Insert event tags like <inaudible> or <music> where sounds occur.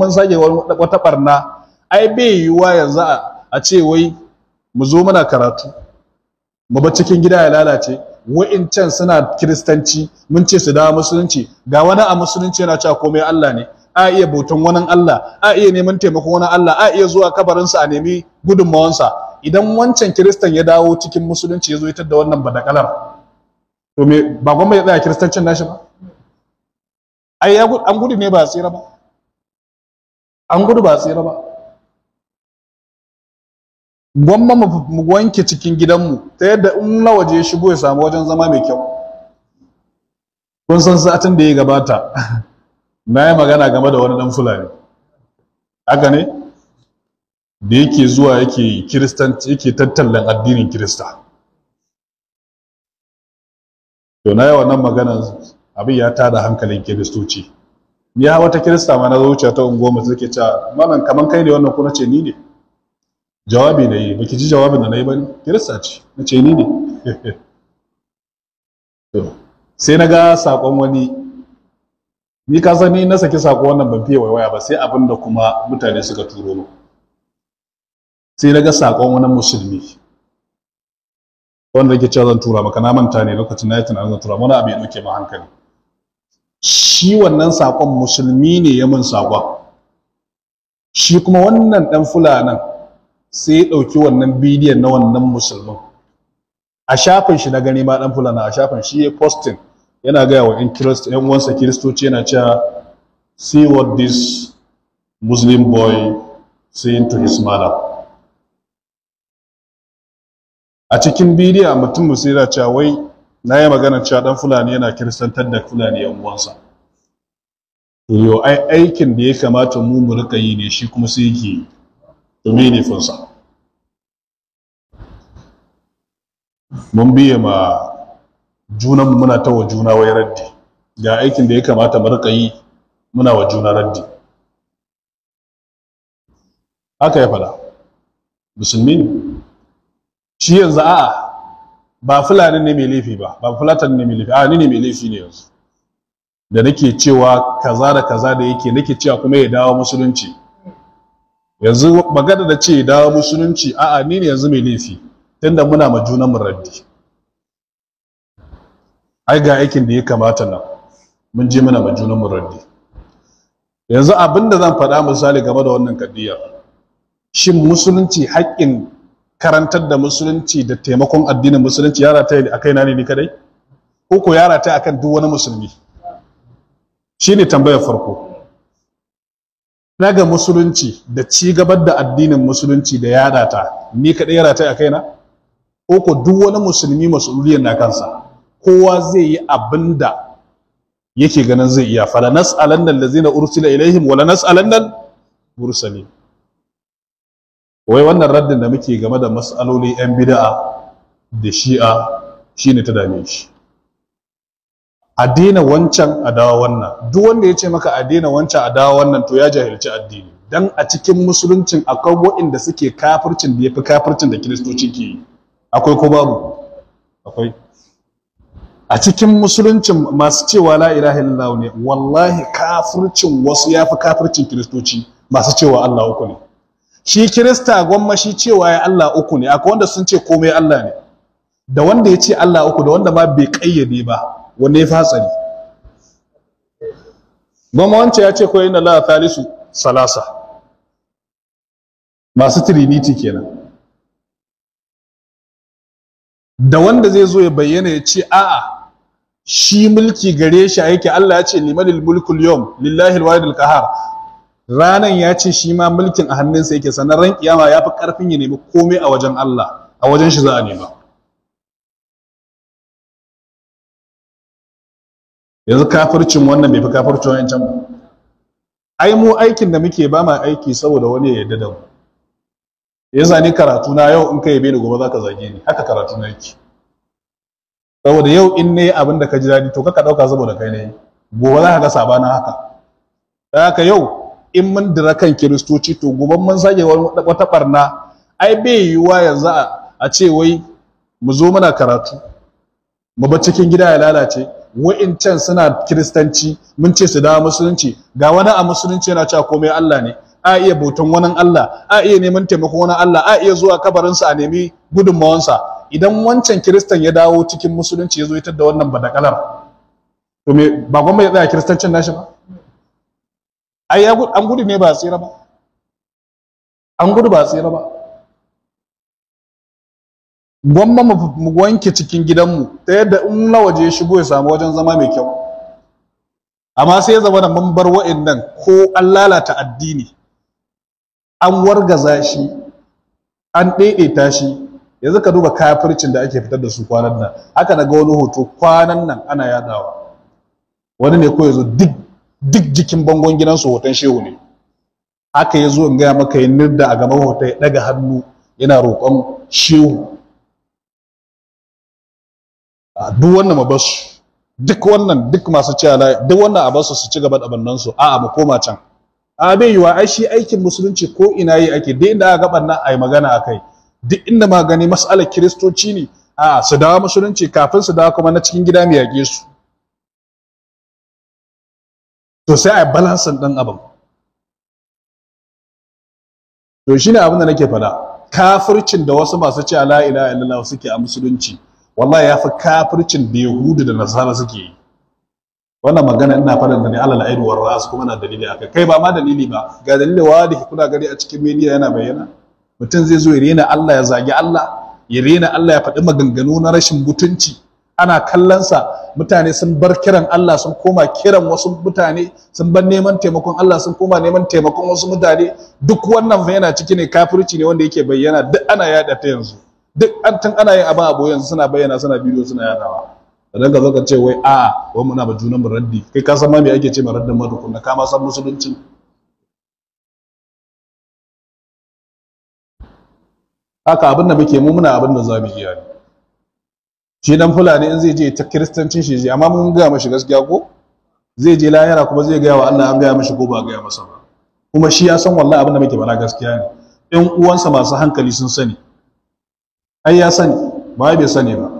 mun sake wata barna ai bai yiwuwa yanzu a ce wai mu zo muna karatu mu ba cikin gida ya lalace can suna kiristanci mun ce su dawo musulunci ga wani a musulunci yana cewa komai Allah ne a iya bautan wani Allah a iya neman taimakon wani Allah a iya zuwa kabarinsa a nemi gudunmawansa idan wancan kiristan ya dawo cikin musulunci ya zo ita da wannan badakalar to me ba gwamnati ya tsaya kiristancin nashi ba ai an gudu ne ba tsira ba an gudu ba tsira ba gwamma mu wanke cikin gidanmu ta yadda in na waje ya shigo ya samu wajen zama mai kyau kun san satin da ya gabata <laughs> na yi magana game da wani dan fulani haka ne da yake zuwa yake kiristanci yake tattalin addinin kirista to na yi wannan magana abin ya tada hankalin kiristoci ya wata kirista ma na zuciya ta ungoma suke cewa malam kaman kai ne wannan ko na ce ni ne jawabi na yi baki ji jawabin da na yi ba kirista ce na ce ni ne <laughs> sai na ga sakon wani ni ka sani na saki sako wannan ban fiye waiwaya ba sai abin da kuma mutane suka turo mu sai na ga sakon wani musulmi wanda ke cewa zan tura maka na manta ne lokacin na yi tunanin zan tura mana abu ya ɗauke ma hankali shi wannan saƙon musulmi ne ya min saƙon shi kuma wannan ɗan fulanan sai ya ɗauki wannan bidiyon na wannan musulmin a shafin shi na gani ma ɗan fulana a shafin shi ya postin yana gaya wa 'yan uwansa kiristoci yana cewa see what this muslim boy saying to his mother a cikin bidiyon mutum sai da cewa wai na yi magana cewa ɗan fulani yana kiristantar da fulani 'yan uwansa yo ai aikin da ya kamata mu mu rika yi ne shi kuma sai yake yi to me ne funsa mun biye ma junan mu muna ta wa juna wai raddi ga aikin da ya kamata mu rika yi muna wa juna raddi haka ya fada musulmi shi yanzu a'a ba fulani ne mai laifi ba ba fulatan ne mai laifi a ni ne mai laifi ne yanzu da nake cewa kaza da kaza da yake nake cewa kuma ya dawo musulunci yanzu magana da ce ya dawo musulunci a'a ni ne yanzu mai laifi tunda muna ma junan mu raddi ai ga aikin da ya kamata nan mun je muna ma junan mu raddi yanzu abin da zan faɗa misali game da wannan kadiyar shin musulunci haƙƙin karantar da musulunci da taimakon addinin musulunci yara ta yi a kai na ne ni kadai ko ko yara ta akan duk wani musulmi shine tambayar farko daga musulunci da ci gabar da addinin musulunci da yada ta ni kaɗai yara ta a kaina ko duk wani musulmi masuliyar na kansa kowa zai yi abin da yake ganin zai iya fala da nan ursi ursila ilaihim wala nas'alan alannan ursali wai wannan raddin da muke game da mas'aloli yan bida'a da shi'a shine ta dame shi a daina wancan a dawo wannan duk wanda ya ce maka a daina wancan a dawo wannan to ya jahilci addini dan a cikin musuluncin akwai waɗanda suke kafircin da ya fi kafircin da kiristoci ke yi akwai ko babu akwai a cikin musuluncin masu cewa la ilaha illallah ne wallahi kafircin wasu ya fi kafircin kiristoci masu cewa Allah uku ne shi kirista gwamma shi cewa ya Allah uku ne akwai wanda sun ce komai Allah ne da wanda ya ce Allah uku da wanda ma bai kayyade ba wanne ya tsari goma wancan ya ce ko na la Salisu salasa masu trinity kenan da wanda zai zo ya bayyana ya ce a'a shi mulki gare shi yake Allah ya ce limanil mulkul yawm lillahi alwahidul qahar ranan ya ce shi ma mulkin a hannunsa yake sanan ran kiyama ya fi karfin ya nemi komai a wajen Allah a wajen shi za a nema yanzu kafircin wannan bai fi kafircin wancan ba ai mu aikin da muke ba ma aiki saboda wani ya yarda da mu ya zane karatu na yau in ka yabe ni gobe ka zage ni haka karatu na yake saboda yau in ne abin da ka ji daɗi to kaka ɗauka saboda kai ne gobe za ka ga sabana haka da haka yau in mun dira kan kiristoci to gobe mun sake wata barna ai bai yiwuwa yanzu a ce wai mu zo muna karatu mu bar cikin gida ya lalace wa'incan suna kiristanci mun ce su dawo musulunci ga wani a musulunci yana cewa komai Allah ne a iya bautan wani Allah a iya neman taimakon wani Allah a iya zuwa kabarinsa a nemi gudunmawansa idan wancan kiristan ya dawo cikin musulunci ya zo ita da wannan badakalar to me ba gwamnati ya tsaya kiristancin nashi ba ai an gudu ne ba a tsira ba an gudu ba a tsira ba gwamma mu wanke cikin gidanmu ta yadda in na waje ya shigo ya samu wajen zama mai kyau amma sai ya zama da mun bar wa'annan ko an lalata addini an wargaza shi an ɗaiɗaita shi ya ka duba kafircin da ake fitar da su kwanan nan haka na ga wani hoto kwanan nan ana yadawa wani ne ko ya zo duk jikin bangon gidansu hoton shehu ne haka ya zo in gaya maka yin nirda a gaban hoton ya ɗaga hannu yana roƙon shehu duk wannan mu basu duk wannan duk masu cewa duk wannan a basu su ci gaba da bannan su a'a mu koma can a bai yiwa ai shi aikin musulunci ko ina yi ake duk inda aka bannan ai magana akai duk inda ma gani mas'alar kiristoci ne a su dawo musulunci kafin su dawo kuma na cikin gida mu yage su to sai ai balansin din abin to shine abin da nake faɗa kafircin da wasu masu cewa la ilaha illallah suke a musulunci wallahi ya fi kafircin da yahudu da nasara suke yi wannan magana ina faɗin da ne alal ainu war ras kuma na dalili aka kai ba ma dalili ba ga dalili da kuna gari a cikin media yana bayyana mutum zai zo ya rena Allah ya zagi Allah ya rena Allah ya faɗi maganganu na rashin mutunci ana kallonsa mutane sun bar kiran Allah sun koma kiran wasu mutane sun bar neman taimakon Allah sun koma neman taimakon wasu mutane duk wannan yana ciki ne kafirci ne wanda yake bayyana duk ana yada ta yanzu duk an tun ana yin abin abu yanzu suna bayyana suna bidiyo suna yadawa idan ka zo ka ce wai a wai muna ba junan muraddi. raddi kai ka san ma me ake ce muraddin raddin ma tukunna ka ma san musulunci haka abin da muke mu muna abin da za mu iya ne shi dan fulani in zai je ta kristancin shi amma mun ga mashi gaskiya ko zai je lahira kuma zai gaya wa Allah an gaya mashi ko ba gaya masa ba kuma shi ya san wallahi abin da muke bara gaskiya ne ɗan uwansa masu hankali sun sani ai ya sani ba bai sani ba